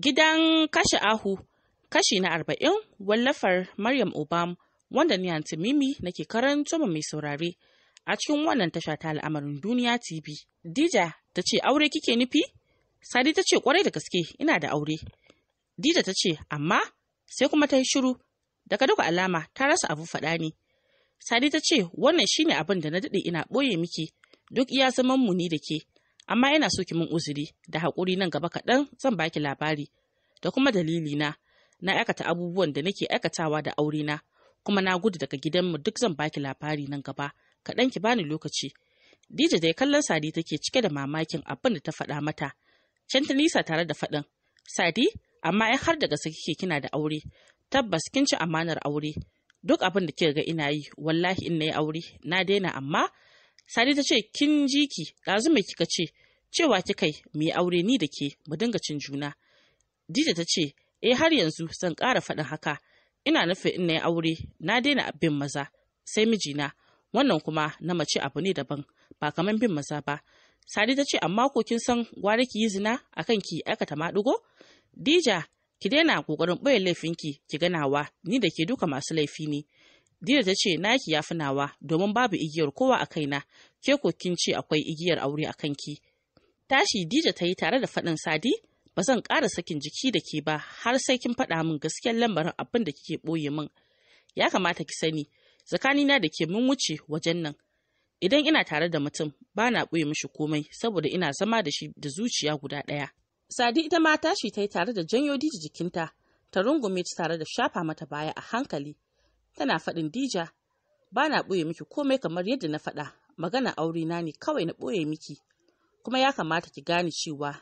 Gidan kashe ahu kashi na arba'in wallafar Maryam Obam wanda ni Mimi nake karanto ma mai saurare a cikin wannan tasha ta al'amarin duniya TV. Dija ta ce aure kike nufi? Sadi ta ce kwarai da gaske ina da aure. Dija ta ce amma sai kuma ta yi shiru daga duka alama ta rasa abu faɗa ne. Sadi ta ce wannan shine abin da na daɗe ina ɓoye miki duk iya zaman mu ni da ke. amma ina so ki min uzuri da haƙuri nan gaba kaɗan zan baki labari da kuma dalili na na aikata abubuwan da nake aikatawa da aure na kuma na gudu daga gidanmu duk zan baki labari nan gaba kaɗan ki bani lokaci dija da kallon sadi take cike da mamakin abin da ta faɗa mata can ta nisa tare da faɗin sadi amma ai har daga gaske kike kina da aure tabbas kin ci amanar aure duk abin da kika ga ina yi wallahi in nayi aure na daina amma sadi ta ce kin ji ki ɗazu mai kika ce cewa kai mu yi aure ni da ke mu dinga cin juna dija ta ce e har yanzu zan ƙara faɗin haka ina nufi in na yi aure na daina bin maza sai mijina wannan kuma na mace abu ne daban ba kamar bin maza ba sadi ta ce amma ko kin san gwari ki yi zina a kan ki aikata maɗigo dija ki daina ƙoƙarin ɓoye laifinki ki ganawa ni da ke duka masu laifi ne dija ta ce naki ya fi nawa domin babu igiyar kowa a kaina ke ko kin ce akwai igiyar aure a kanki Tashi Dija ta yi tare da faɗin Sadi, ba zan ƙara sakin jiki da ke ba har sai kin faɗa min gaskiyar lambarin abin da kike ɓoye min. Ya kamata ki sani, tsakanina da ke mun wuce wajen nan. Idan ina tare da mutum, ba na ɓoye mishi komai saboda ina zama da shi da zuciya guda ɗaya. Sadi ita ma tashi ta yi tare da janyo Dija jikinta, ta rungume ta tare da shafa mata baya a hankali. Tana faɗin Dija, ba na ɓoye miki komai kamar yadda na faɗa, magana aurena ne kawai na ɓoye miki. kuma ya kamata ki gane cewa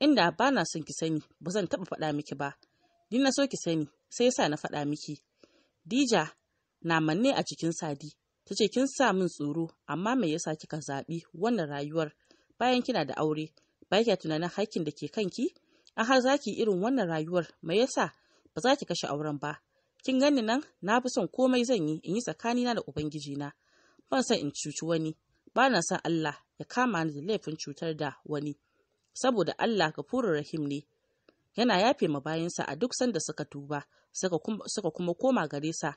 inda ba na son ki sani ba zan taɓa faɗa miki ba ni na so ki sani sai yasa na faɗa miki dija na manne a cikin sadi ta ce kin sa min tsoro amma me yasa kika zaɓi wannan rayuwar bayan kina da aure ba kya tunanin hakkin da ke kanki a har za ki irin wannan rayuwar me yasa ba za ki kashe auren ba kin gani nan na fi son komai zan yi in yi tsakanina da ubangijina ban san in cuci wani ba na son Allah ya kama ni da laifin cutar da wani saboda Allah gafurur rahim ne yana yafe ma bayansa a duk sanda suka tuba suka kuma koma gare sa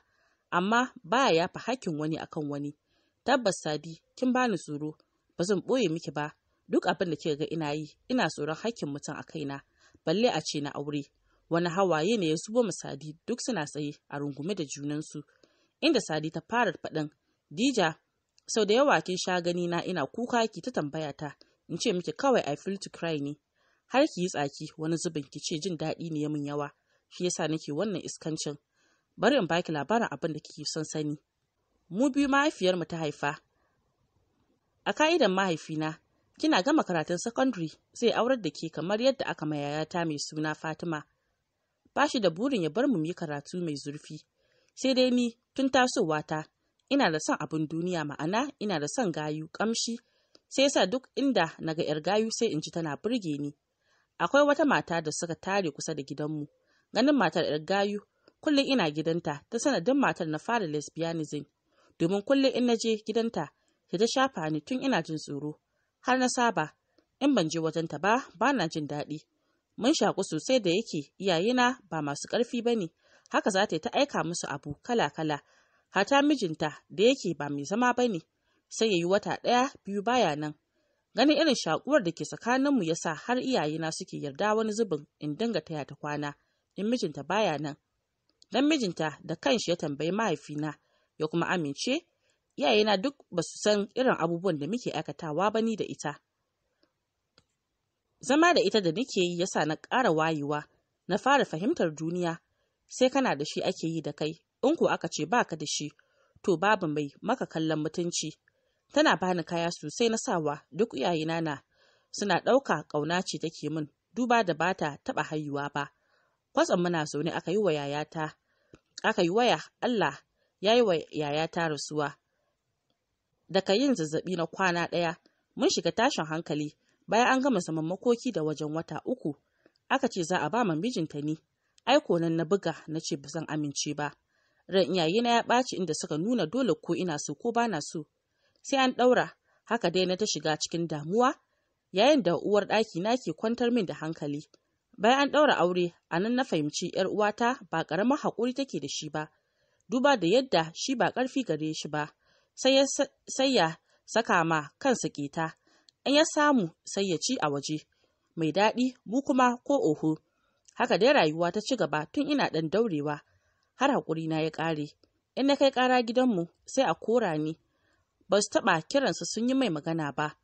amma baya yafa hakkin wani akan wani tabbas sadi kin bani tsoro ba zan boye miki ba duk abin da kika ga ina yi ina tsoron hakkin mutum a kaina balle a ce na aure wani hawaye ne ya zubo ma sadi duk suna tsaye a rungume da junansu inda sadi ta fara faɗin dija Sau da yawa kin sha gani na ina kuka ki ta tambaya ta, in ce miki kawai I feel to cry ne. Har ki yi tsaki wani zubin ki ce jin daɗi ne ya min yawa, shi yasa nake wannan iskancin. Bari in baki labarin abin da kike son sani. Mu biyu mahaifiyar mu ta haifa. A ka'idan mahaifina, kina gama karatun secondary zai aurar da ke kamar yadda aka ma yayata mai suna Fatima. Bashi da burin ya bar mu yi karatu mai zurfi. Sai dai ni tun tasowata ina da son abin duniya ma'ana ina da son gayu kamshi sai sa duk inda naga yar gayu sai in ji tana burge ni akwai wata mata da suka tare kusa da gidanmu ganin matar yar gayu kullum ina gidanta ta sanadin matar na fara lesbianism domin kullum in naje gidanta ta ta shafa ni tun ina jin tsoro har na saba in ban je wajenta ba ba na jin daɗi mun shaku sosai da yake iyayena ba masu ƙarfi ba ne haka za ta yi ta aika musu abu kala-kala hata mijinta da yake ba mai zama ba ne sai ya yi wata ɗaya biyu baya nan ganin irin shakuwar da ke tsakaninmu ya sa har iyayena suke yarda wani zubin in dinga taya ta kwana in mijinta baya nan dan mijinta da kanshi ya tambayi mahaifina ya kuma amince iyayena duk ba su san irin abubuwan da muke aikatawa ba ni da ita zama da ita da nake yi ya sa na ƙara wayewa na fara fahimtar duniya sai kana da shi ake yi da kai in ko aka ce baka da shi to babu mai maka kallon mutunci tana bani kaya sosai na sawa duk iyayena na suna ɗauka ƙauna ce take min duba da bata taɓa haihuwa ba kwatsam muna so zaune aka yi wa yayata aka yi waya Allah ya yi wa yayata rasuwa daga yin zazzabi na kwana ɗaya mun shiga tashin hankali bayan an gama saman makoki da wajen wata uku aka ce za a ba mijinta ni aiko nan na buga na ce ba zan amince ba ran iyaye na ya ɓaci inda suka nuna dole ko ina so ko bana so sai an ɗaura haka dai na ta shiga cikin damuwa yayin da uwar ɗaki na ke kwantar min da hankali bayan an ɗaura aure a nan na fahimci yar uwata ba ƙaramin haƙuri take da shi ba duba da yadda shi ba ƙarfi gare shi ba sai ya saka ma kansa keta an ya samu sai ya ci a waje mai daɗi mu kuma ko oho haka dai rayuwa ta ci gaba tun ina ɗan daurewa har haƙuri na ya ƙare in na kai ƙara gidanmu sai a kora ni ba su taɓa kiransa sun yi mai magana ba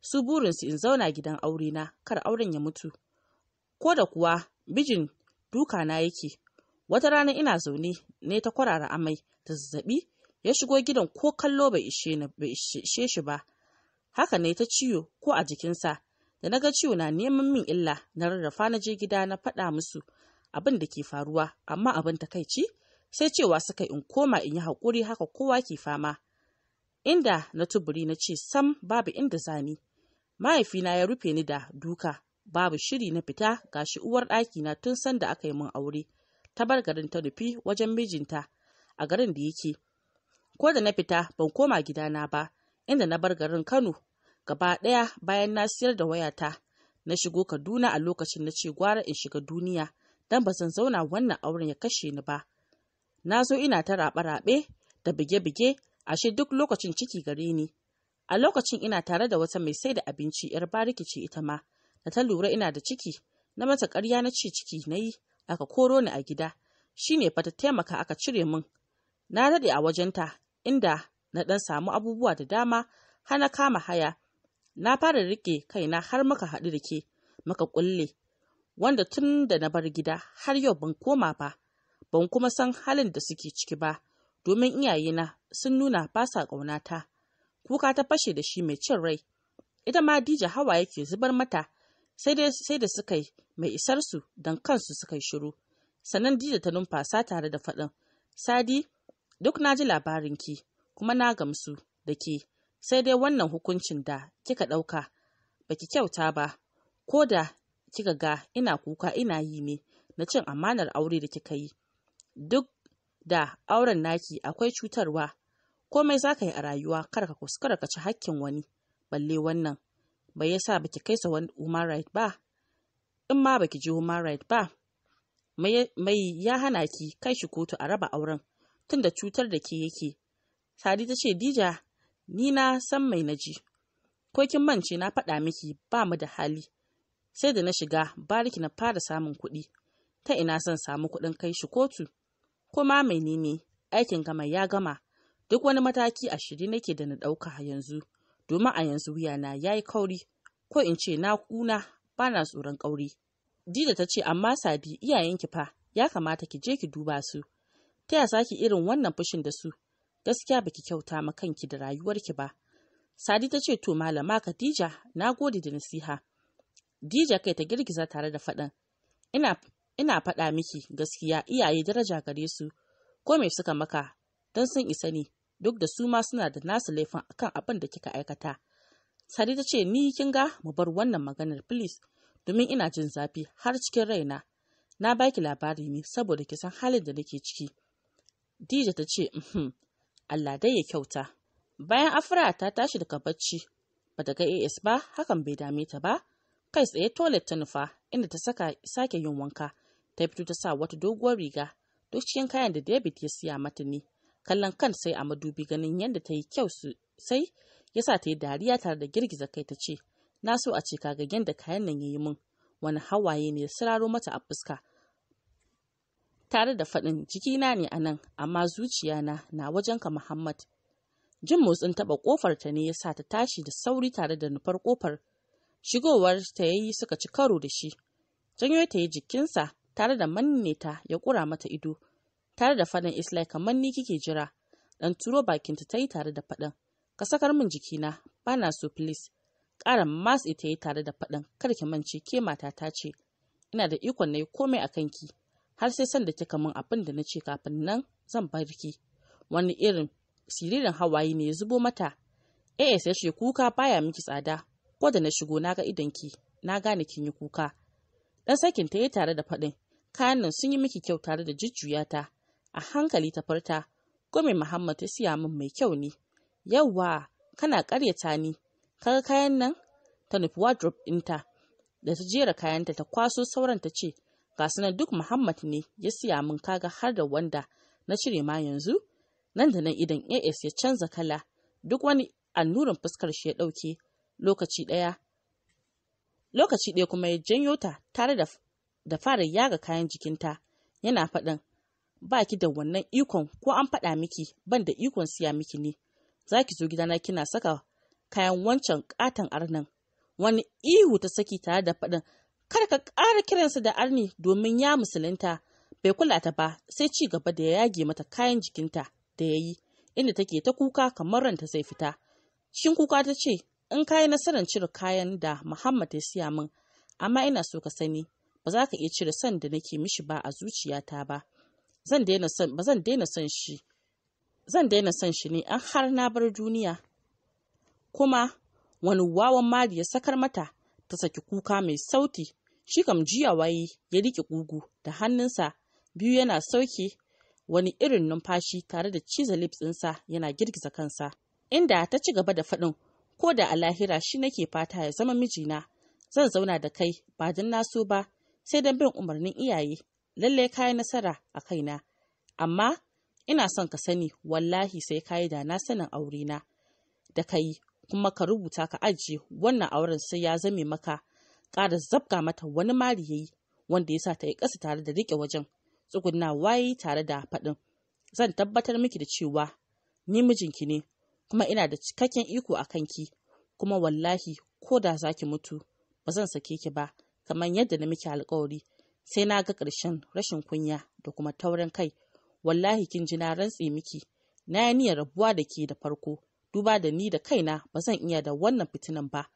su burinsu in zauna gidan aure na kar auren ya mutu ko da kuwa bijin duka na yake wata rana ina zaune ne ta kwarara amai ta zazzaɓi ya shigo gidan ko kallo bai ishe shi ba haka ne ta ciwo ko a jikinsa da na ga ciwo na neman min illa na rarrafa na je gida na faɗa musu abin da ke faruwa amma abin takaici sai cewa suka in koma in yi haƙuri haka kowa ke fama inda na tuburi na ce sam babu inda zani mahaifina ya rufe ni da duka babu shiri na fita gashi uwar ɗaki na tun sanda aka yi min aure ta bar garin ta nufi wajen mijinta a garin da yake ko da na fita ban koma gidana ba inda na bar garin kano gaba ɗaya bayan na siyar da wayata na shigo kaduna a lokacin na ce gwara in shiga duniya don ba zan zauna wannan auren ya kashe ni ba na zo ina ta raɓe-raɓe da buge bige ashe duk lokacin ciki gare ni a lokacin ina tare da wata mai sai da abinci yar bariki ce ita ma da ta lura ina da ciki na mata ƙarya na ce ciki na yi aka koro ni a gida shine fa ta taimaka aka cire min na daɗe a wajenta inda na ɗan samu abubuwa da dama hana kama haya na fara riƙe kaina har muka haɗu da ke muka ƙulle wanda tun da na bar gida har yau ban koma ba ban kuma san halin da suke ciki ba domin iyayena sun nuna ba sa ta. kuka ta fashe da shi mai cin rai ita ma dija hawa yake zubar mata sai da suka mai isar su don kansu suka yi shiru sannan dija ta numfasa tare da faɗin sadi duk na ji labarinki kuma na gamsu da ke sai dai wannan hukuncin da kika ɗauka baki kyauta ba ko da kika ga ina kuka ina yi ne, na cin amanar aure da kika yi duk da auren naki akwai cutarwa komai za ka yi a rayuwa kar ka kuskura ka ci hakkin wani balle wannan bai yasa baki kai sa wani human right ba in ma baki ji human right ba mai ya hana ki kai shi kotu a raba auren tunda cutar da ke yake sadi ta ce dija ni na san mai ji. ko kin mance na faɗa miki ba mu da hali sai da na shiga bariki na fara samun kuɗi ta ina son samu kuɗin kai shi kotu Kuma mai menene aikin gama ya gama duk wani mataki a shirye nake da na ɗauka yanzu domin a yanzu wuyana ya yi kauri ko in ce na kuna ba na tsoron kauri dida ta ce amma sabi iyayenki fa ya kamata ki je ki duba su ta ya saki irin wannan fushin da su gaskiya baki kyauta ma kanki da rayuwarki ba sadi ta ce to malama khadija na gode da nasiha dija kai ta girgiza tare da faɗin ina ina faɗa miki gaskiya iyaye daraja gare su ko me suka maka don sun isa ni? duk da su ma suna da nasu laifin akan abin da kika aikata sari ta ce ni kin ga mu bar wannan maganar please domin ina jin zafi har cikin raina na baki labari ne saboda ki san halin da nake ciki dija ta ce uhm, Allah dai ya kyauta bayan afra ta tashi daga bacci bata ga as ba hakan bai dame ta ba kai tsaye toilet ta nufa inda ta saka sake yin wanka ta fito ta sa wata doguwar riga duk cikin kayan da david ya siya mata ne kallon kan sai a madubi ganin yadda ta yi kyau sai ya sa ta yi dariya tare da girgiza kai ta ce na so a ce kaga yadda kayan nan ya yi min wani hawaye ne ya siraro mata a fuska tare da faɗin jikina ne a nan amma zuciya na na wajenka muhammad jin motsin taɓa ƙofar ta ne ya sa ta tashi da sauri tare da nufar ƙofar shigowar ta yayi suka ci karo da shi janyo ta yi jikinsa tare da manne ta ya kura mata ido tare da faɗin islai kamar ni kike jira dan turo bakinta ta yi tare da faɗin ka sakar min jikina ba na so please kara mas ita yi tare da faɗin kar ki mance ke mata ta ce ina da ikon na yi komai a kanki har sai sanda kika min abin da na ce kafin nan zan bar ki wani irin siririn hawaye ne ya zubo mata as sai shi kuka baya miki tsada ko da na shigo naga ga idonki na gane kin yi kuka dan sakin ta yi tare da faɗin kanin sun yi miki kyau tare da jujjuyata, a hankali ta furta gome muhammad ya siya min mai kyau ne yawwa kana karyata ni kaga kayan nan ta nufi wardrobe ɗinta da ta jera kayanta ta kwaso sauran ta ce ga nan duk muhammad ne ya siya min kaga har da wanda na cire ma yanzu nan da nan idan as ya canza kala duk wani annurin fuskar shi ya ɗauke lokaci ɗaya lokaci ɗaya kuma ya janyo ta tare da da fara yaga kayan jikinta yana faɗin ba ki da wannan ikon ko an faɗa miki ban da ikon siya miki ne za ki zo gidana kina saka kayan wancan ƙaton arnin?' wani ihu ta saki tare da faɗin kar ka ƙara kiransa da arni domin ya musulunta bai kula ta ba sai ci gaba da ya yage mata kayan jikinta da ya yi inda take ta kuka kamar ranta zai fita shin kuka ta ce in ka yi nasarar cire kayan da muhammad ya siya min amma ina so ka sani ba za ka iya cire son da nake mishi ba a zuciyata ba zan daina son ba zan daina son shi ne an har na bar duniya kuma wani wawan mari ya sakar mata ta saki kuka mai sauti shi kam jiya waye ya rike ƙugu da hannunsa biyu yana sauke wani irin numfashi tare da ciza lipsinsa sa, yana girgiza kansa inda ta ci gaba da faɗin ko da a lahira shi nake fata ya zama mijina zan zauna da kai ba don na so ba sai don bin umarnin iyaye lalle kayi nasara a kaina amma ina son ka sani wallahi sai kayi da na sanin aure na da yi kuma ka rubuta ka ajiye wannan auren sai ya zame maka ƙara zabga mata wani mari ya yi wanda ya sa ta yi ƙasa tare da riƙe wajen tsuguna waye tare da faɗin zan tabbatar miki da cewa ni mijinki ne kuma ina da cikakken iko a kanki kuma wallahi ko da za ki mutu ba zan sake ki ba kamar yadda na miki alkawari sai na ga ƙarshen rashin kunya da kuma taurin kai wallahi kin ji na rantse miki na yi niyyar rabuwa da ke da farko duba da ni da kaina ba zan iya da wannan fitinan ba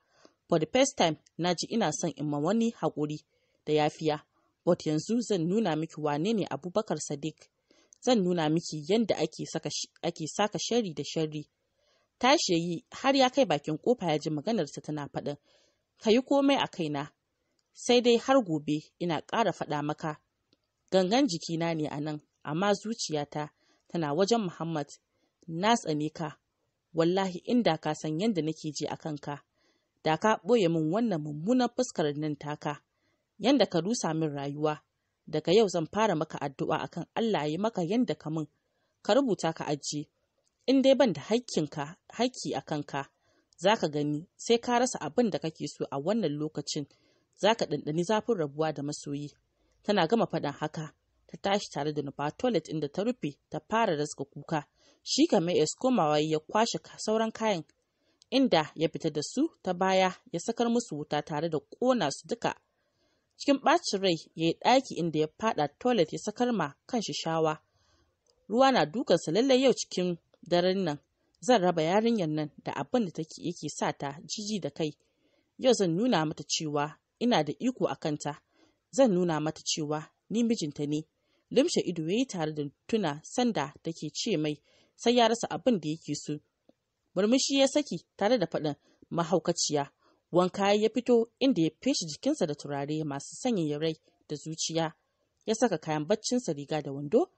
for the first time na ji ina son in ma wani haƙuri da yafiya but yanzu zan nuna miki wane ne abubakar sadiq zan nuna miki yadda ake saka, saka shari da shari tashi yi har ya kai bakin kofa ya ji maganarsa tana faɗin ka yi komai a kaina sai dai har gobe ina ƙara faɗa maka gangan jikina ne a nan amma zuciyata tana wajen muhammad na tsane ka wallahi inda ka san yadda nake ji a kanka da ka ɓoye min wannan mummunan fuskar nan taka yadda ka rusa min rayuwa daga yau zan fara maka addu'a akan Allah ya maka yadda ka min ka rubuta ka ajiye in dai ban da haƙƙi a kanka za ka gani sai ka rasa abin da kake so a wannan lokacin za ka ɗanɗani zafin rabuwa da masoyi tana gama faɗin haka ta tashi tare da nufa toilet inda ta rufe ta fara raska kuka shi kamar es komawa ya kwashe sauran kayan inda ya fita da su ta baya ya sakar musu wuta tare da ƙona su duka cikin ɓacin rai ya yi ɗaki inda ya faɗa toilet ya sakar ma kanshi shawa ruwa na dukansa lallai yau cikin daren nan zan raba yarinyar nan da abin da yake sa ta jiji da kai yau zan nuna mata cewa ina da iko a kanta zan nuna mata cewa ni mijinta ne limshe ido ya yi tare da tuna sanda da ke ce mai sai ya rasa abin da yake so murmushi ya saki tare da faɗin mahaukaciya wanka ya fito inda ya feshi jikinsa da turare masu sanyaya rai da zuciya ya saka kayan baccinsa riga da wando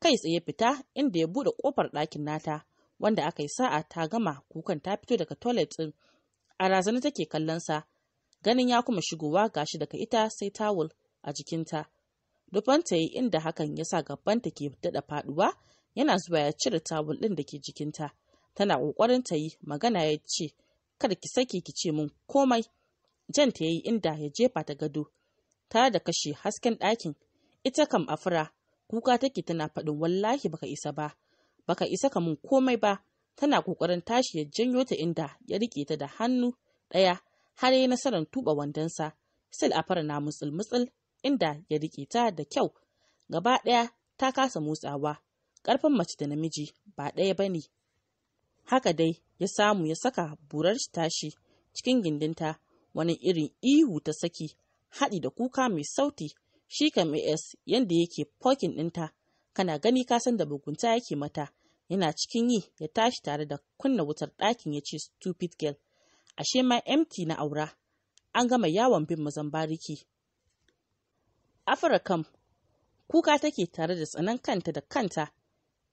kai tsaye fita inda ya buɗe kofar ɗakin nata wanda aka yi sa'a ta gama kukan ta fito daga toilet ɗin a razana take sa. ganin ya kuma shigowa gashi daga ita sai tawul a jikinta dufan ta yi inda hakan ya sa gabanta ke daɗa faɗuwa yana zuwa ya cire tawul ɗin da ke jikinta tana ƙoƙarin ta yi magana ya ce kada ki sake ki ce min komai jan ta yi inda ya jefa ta gado tare da kashe hasken ɗakin ita kam a kuka take tana faɗin wallahi baka isa ba baka isa ka mun komai ba tana kokarin tashi ya janyo ta inda ya rike ta da hannu ɗaya har yi nasarar tuba wandonsa sil a fara na mutsul-mutsul inda ya rike ta da kyau gaba ɗaya ta kasa motsawa ƙarfin mace da namiji ba ɗaya ba ne haka dai ya samu ya saka burar tashi cikin gindinta wani irin ihu ta saki haɗi da kuka mai sauti shi kam as yadda yake pokin ɗinta kana gani kasan da bugunta yake mata yana cikin yi ya tashi tare da kunna wutar ɗakin ya ce stupid girl ashe ma MT na aura an gama yawon bin mazan bariki afirkam kuka take tare da tsanan kanta da kanta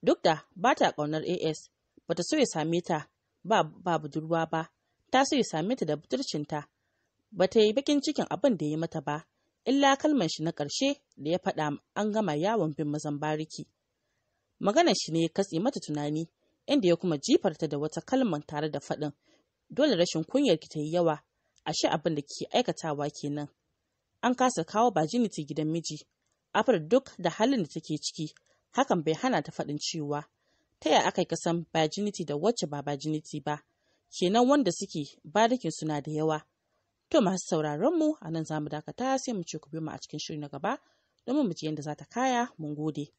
duk da ba ta ƙaunar as ba ta so ya same ta ba budurwa ba ta so ya same ta da budurcinta ta yi bakin cikin abin da ya mata ba illa kalman shi na ƙarshe da ya faɗa an gama yawon bin mazan bariki maganar shi ne ya katse mata tunani inda ya kuma jifarta da wata kalman tare da faɗin dole rashin kunyar ki ta yi yawa ashe abin da ke aikatawa kenan an kasa kawo bajiniti gidan miji afar duk da halin da take ciki hakan bai hana ta faɗin cewa ta ya aka yi kasan bajiniti da wacce ba bajiniti ba kenan wanda suke barikin suna da yawa to masu sauraron mu a nan za mu dakata sai mu ce ku bi mu a cikin shiri na gaba Don mu ji yadda za ta kaya mun gode